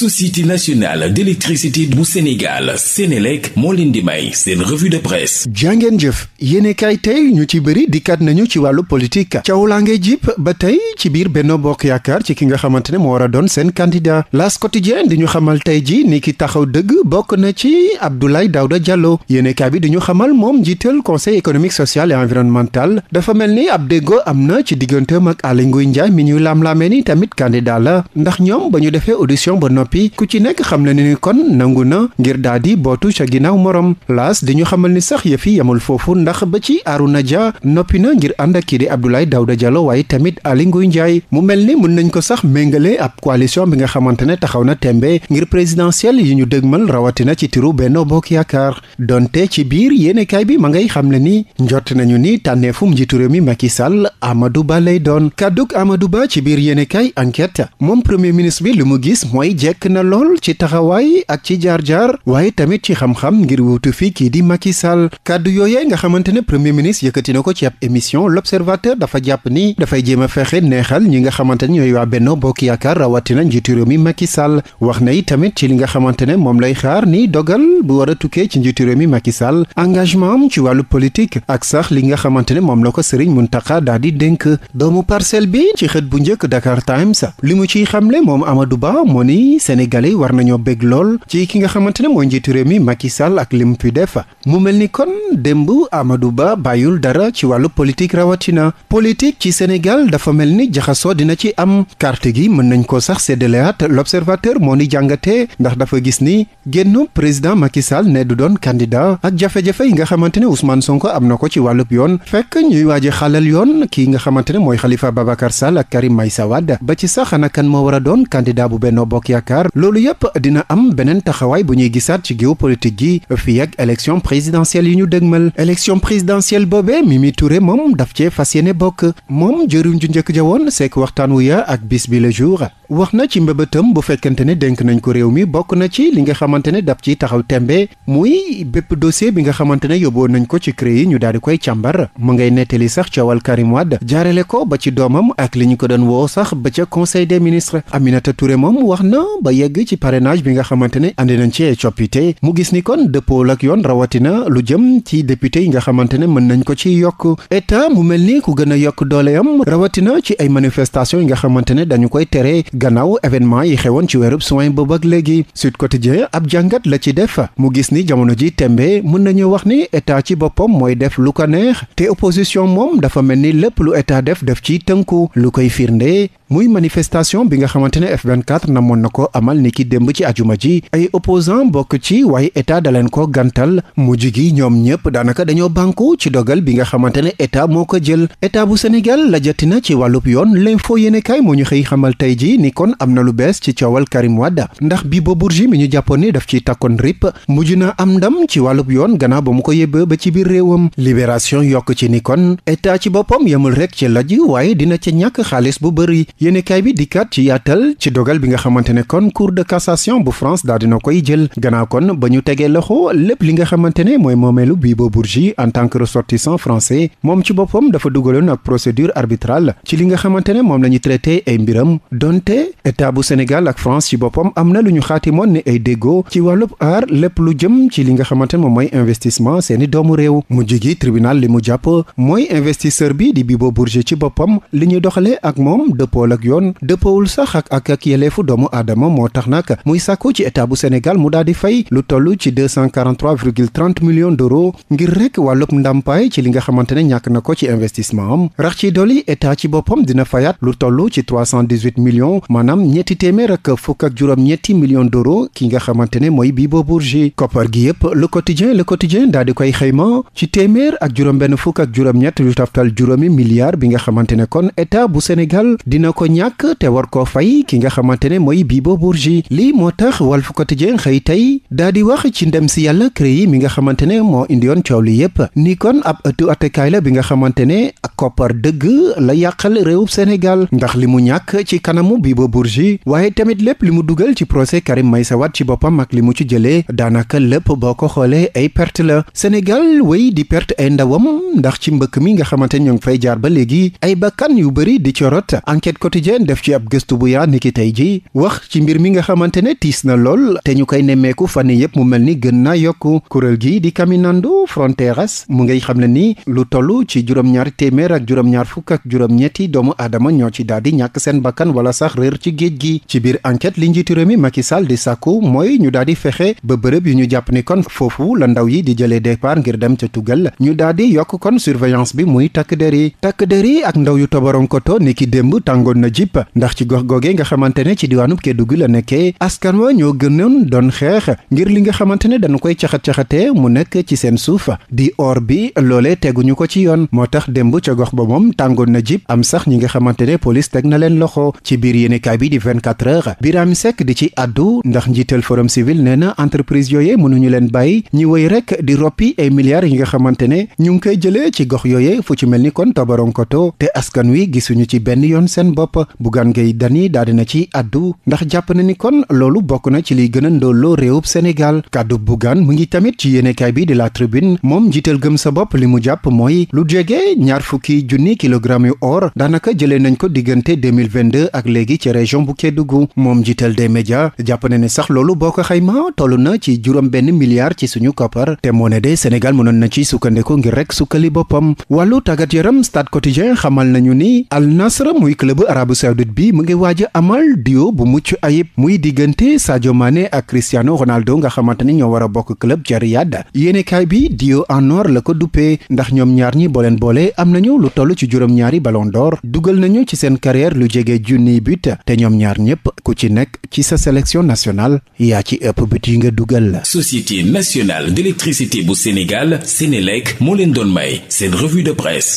société nationale d'électricité bu Sénégal Sénélec moo leen di may seen revue de presse jàngeen jëf yéene kay tey ñu ci bëri dikkaat nañu ci wàllu politique coow laa ngay jip ba tey ci biir benn Bokk Yaakaar ci ki nga xamante ne moo war a doon seen candidat L'As Quotidien di ñu xamal tey ji ni ki taxaw dëgg bokk na ci Abdoulaye Daouda Diallo yéene kaay bi di ñu xamal moom njiital conseil économique social et environnemental dafa mel ni ab déggoo am na ci digganteem ak Aly Ngouille Ndiaye mi ñuy laam-laamee ni tamit candidat la ndax ñoom ba ñu defee audition ba noppi noppi ku ci nekk xam na ni kon nangu na ngir daal di bootu ca ginnaaw morom laas di ñu xamal ni sax yëfi yamul foofu ndax ba ci Arouna Dia noppi na ngir ànd ak kii di Abdoulaye Daouda Diallo waaye tamit Aly Ngouille Ndiaye mu mel ni mën nañ ko sax méngale ab coalition bi nga xamante ne taxaw na tembe ngir présidentielle yi ñu dëgmal rawatina ci tiru benn Bokk Yaakaar donte ci biir yéenekaay bi ma ngay xam le ni njot nañu ni tànneefum njiitu réew mi Macky Sall Amadou Ba lay doon kàddug Amadou Ba ci biir yéenekaay enquête moom premier ministre bi lu mu gis mooy jekk nekk na lool ci taxawaay ak ci jaar-jaar waaye tamit ci xam-xam ngir wuutu fi kii di Macky Sall kàddu yooyee nga xamante ne premier ministre yëkkati na ko ci ab émission l'observateur dafa jàpp ni dafay jéem a fexe neexal ñi nga xamante ne ñooy waa Benno Bokk Yaakaar rawatina njiitu réew mi Macky Sall wax na tamit ci li nga xamante ne moom lay xaar ni dogal bu war a tukkee ci njiitu réew mi Macky Sall engagement am ci wàllu politique ak sax li nga xamante ne moom la ko Serigne Mountakha daal di dénk doomu parcelle bi ci xët bu njëkk Dakar Times li mu ciy xamle moom Amadou Ba moo ni sénégalais war nañoo bég lool ci ki nga xamante ne mooy njiitu réew mi Macky Sall ak li mu fi def mu mel ni kon démb Amadou Ba bàyyul dara ci wàllu politique rawatina politique ci Sénégal dafa mel ni jaxasoo dina ci am carte gi mën nañ ko sax séddaleaat l'observateur moo ni jàngatee ndax dafa gis ni génn président Macky Sall ne du doon candidat ak jafe-jafe yi nga xamante ne Ousmane Sonko am na ko ci wàllub yoon fekk ñuy waaji xalal yoon kii nga xamante ne mooy Khalifa Babacar Sall ak Karim Meïssa Wade ba ci sax ana moo war a Dakar loolu yëpp dina am beneen taxawaay bu ñuy gisaat ci géopolitique gi fii ak élection présidentielle yi ñu dëgmal élection présidentielle mi Mimi Touré moom daf cee fas yéene bokk moom jëriñ ju njëkk ja woon seek waxtaan wu ya ak bis bi la jour wax na ci mbébétam bu fekkante ne denk nañ ko réew mi bokk na ci li nga xamante ne dab ci taxaw tembe muy bépp dossier bi nga xamante ne yóbboo nañ ko ci CREI ñu daal di koy càmbar mu ngay nettali sax coowal Karim Wade jaarale ko ba ci doomam ak li ñu ko doon woo sax ba ca conseil des ministres Aminata Touré moom wax na ba yegg ci parrainage bi nga xamante ne andi nañ ci coppite mu gis ni kon dëppool ak yoon rawatina lu jëm ci député yi nga xamante ne mën nañ ko ci yokk état mu mel ni ku gën a yokk dooleyam rawatina ci ay manifestation yi nga xamante ne dañu koy tere gannaaw événement yi xewoon ci weerub soin boobu ak léegi Sud Quotidien ab jàngat la ci def mu gis ni jamono ji tembe mën nañu wax ni état ci boppam mooy def lu ko neex te opposition moom dafa mel ni lépp lu état def def ci tënku lu koy firnde muy manifestation bi nga xamante ne f na namoon na ko amal ni ki démb ci ajuma ji ay opposant bokk ci waaye état da leen ko gantal mujj gi ñoom ñëpp daanaka dañoo bank ci dogal bi nga xamante ne moo ko jël ni kon am na lu bees ci coowal Karim Wade ndax bi ba Bourgi mi ñu jàppoon ni daf ci takkoon rip mujj na am ndam ci wàllub yoon gannaaw ba mu ko yëbbee ba ci biir réewam libération yokk ci ni kon état ci boppam yemul rek ci laj waaye dina ca ñàkk xaalis bu bëri yéenekaay bi dikkaat ci yaatal ci dogal bi nga xamante ne kon cour de cassation bu France daal dina koy jël gannaaw kon ba ñu tegee loxo lépp li nga xamante ne mooy moomeelu Bibo Bourgi en tant que ressortissant français moom ci boppam dafa dugaloon ak procédure arbitrale ci li nga xamante ne moom la ñu ay mbiram waaye état bu Sénégal ak France ci boppam am na lu ñu xaati xaatimoon ne ay déggoo ci wàllub aar lépp lu jëm ci li nga xamante ne moom mooy investissement seeni doomu réew mu mujj gi tribunal li mu jàpp mooy investisseur bi di Bibo Bourgi ci boppam li ñuy doxalee ak moom dëppool ak yoon dëppoowul sax ak ak ak yeleefu doomu aadama moo tax nag muy sàkku ci état bu Sénégal mu daal di fay lu toll ci 243 virgule 30 millions d'euros ngir rek wàllub ndàmpaay ci li nga xamante ne ñàkk na ko ci investissement am rax ci dolli état ci boppam dina fayaat lu toll ci 318 millions maanaam ñetti téeméer ak fukk ak juróom ñetti millions d'euros ki nga xamante ne mooy Bibo Bourgi koppar gi yëpp le quotidien le quotidien daal di koy xëyma ci téeméer ak juróom benn fukk ak juróom ñett lu taftal juróomi milliard bi nga xamante ne kon état bu Sénégal dina ko ñàkk te war koo fay ki nga xamante ne mooy Bibo Bourgi lii moo tax Walf Quotidien xëy tey daa di wax ci ndem si yàlla CREI mi nga xamante ne moo indiyoon coow li yépp ni kon ab ëttu attekaay la bi nga xamante ne ak koppar dëgg la yàqal réewub Sénégal ndax li mu ñàkk ci kanamu Habiba Bourgi waaye tamit lépp li mu dugal ci procès Karim Meïssa Wade ci boppam ak li mu ci jëlee daanaka lépp boo ko xoolee ay perte la Sénégal wéy di perte ay ndawam ndax ci mbëkk mi nga xamante ne ñoo ngi fay jaar ba léegi ay bakkan yu bëri di corot enquête quotidienne def ci ab gëstu bu yaa niki tey ji wax ci mbir mi nga xamante ne tiis na lool te ñu koy nemmeeku fan yëpp mu mel ni gën naa yokk kuréel gi di Caminando Fronteras mu ngay xam ne ni lu toll ci juróom-ñaari téeméer ak juróom-ñaar doomu aadama ñoo réer ci géej gi ci biir enquête li njiitu réew mi Macky Sall di sàkku mooy ñu daal di fexe ba bërëb yu ñu jàpp ni kon foofu la ndaw yi di jëlee départ ngir dem ca tugal ñu daal di yokk kon surveillance bi muy takk der yi takk der yi ak ndaw yu tobaronkoto ni ki démb tàngoon na jip ndax ci gox googee nga xamante ne ci diwaanub Kédougou la nekkee askan wa ñoo gënoon doon xeex ngir li nga xamante ne dañu koy caxat-caxatee mu nekk ci seen suufa di oor bi loolee teguñu ko ci yoon moo tax démb ca gox ba moom na jip am sax yéenekaay bi di 24 heures Birame Seck di ci addu ndax njiital forum civil nee na entreprise yooye mënuñu leen bàyyi ñi wéy rek di roppi ay milliards yi nga xamante ne ñu ngi koy jëlee ci gox yooye fu ci mel ni kon tabaronkoto te askan wi gisuñu ci benn yoon seen bopp Bougane Gueye Dany daal dina ci addu ndax jàpp na ni kon loolu bokk na ci liy gën a loo réewub Sénégal kàddu Bougane mu ngi tamit ci yéenekaay bi di la tribune moom njiital gëm sa bopp li mu jàpp mooy lu jege ñaar fukki junni kilogramme yu or daanaka jëlee nañ ko diggante 2022 ak léegi ci région bu Kédougou moom jiital de média jàpp na ne sax loolu boo ko xayma toll na ci juróom benn milliard ci suñu koppar te moo ne de Sénégal mënoon na ci sukkandiku ngir rek sukkali boppam wàllu tàggat yaram Stade Quotidien xamal nañu ni Al Nasr muy club arabu saoudite bi mu ngi waaja amal duo bu mucc ayib muy diggante Sadio Mané ak Cristiano Ronaldo nga xamante ni ñoo war a bokk club ca Riyad yéenekaay bi diyo en la ko duppee ndax ñoom ñaar ñi booleen boole am nañu lu toll ci juróom-ñaari ballon dugal nañu ci seen lu jege junniy te ñoom ñaar ñëpp ku ci nekk ci sa sélection nationale yaa ci ëpp but yi nga dugal. Société nationale d'électricité bu Sénégal Sénélec moo leen doon may seen revue de presse.